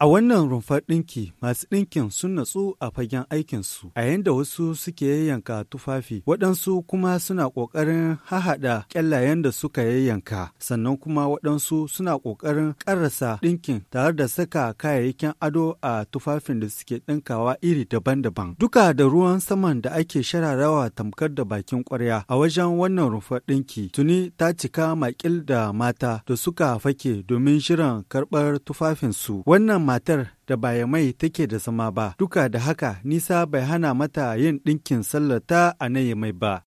A wannan rumfar ɗinki masu ɗinkin sun natsu a fagen aikinsu, a yadda wasu suke yayyanka tufafi, waɗansu kuma suna ƙoƙarin hahaɗa ƙyallayen da suka yayyanka, sannan kuma waɗansu suna ƙoƙarin ƙarasa ɗinkin tare da saka kayayyakin ado a tufafin da suke ɗinkawa iri daban-daban. Duka da ruwan saman da ake shararawa tamkar da bakin ƙwarya a wajen wannan rumfar ɗinki, tuni ta cika makil da mata da suka fake domin shirin karɓar tufafinsu. Wannan matar da baya mai take da zama ba duka da haka nisa bai hana mata yin ɗinkin sallata a na mai ba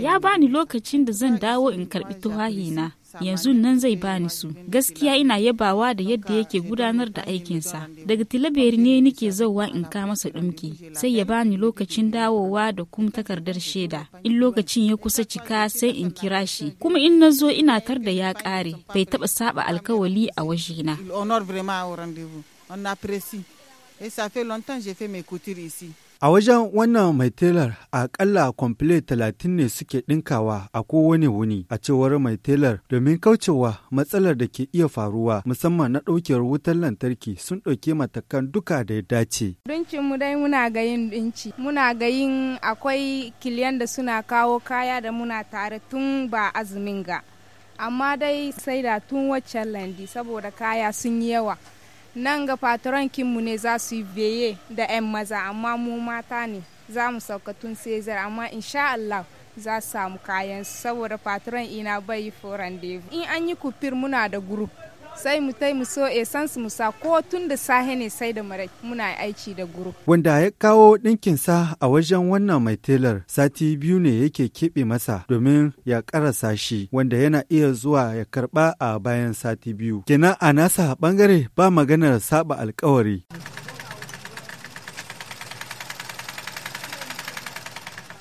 ya bani lokacin da zan dawo in karbi tuwahina yanzu nan zai bani su gaskiya ina yabawa da yadda yake gudanar da aikinsa daga tilaberi ne nike zauwa in ka masa ɗumki sai ya bani lokacin dawowa da kuma takardar shaida in lokacin ya kusa cika sai in kira shi kuma in na zo ina tar da ya ƙare bai taɓa saɓa alkawali a wajena. Et ça fait longtemps A wajen wannan mai telar akalla kwamfile talatin ne suke ɗinkawa a kowane wuni a cewar mai telar domin kaucewa matsalar da ke iya faruwa musamman na ɗaukewar wutar lantarki sun ɗauki matakan duka da ya dace. Dunci mu dai muna ga yin dunci, Muna ga yin akwai kiliyan da suna kawo kaya da muna tare tun ba azumin ga. Amma dai sai da tun waccan landi saboda kaya sun yi yawa. nan ga patron kinmu ne za su yi veye da 'yan maza amma mu mata ne za mu sauka tun sezar amma insha Allah za su samu kayan saboda patron ina bai yi foran in an yi kufir muna da group sai mu tai mu so san mu sa ko tun da sahe ne sai da marai muna aiki da guru. Wanda ya kawo ɗinkin sa a wajen wannan mai telar sati biyu ne yake keɓe masa domin ya karasa shi wanda yana iya zuwa ya karɓa a bayan sati biyu. Kenan a nasa ɓangare ba maganar saba alkawari.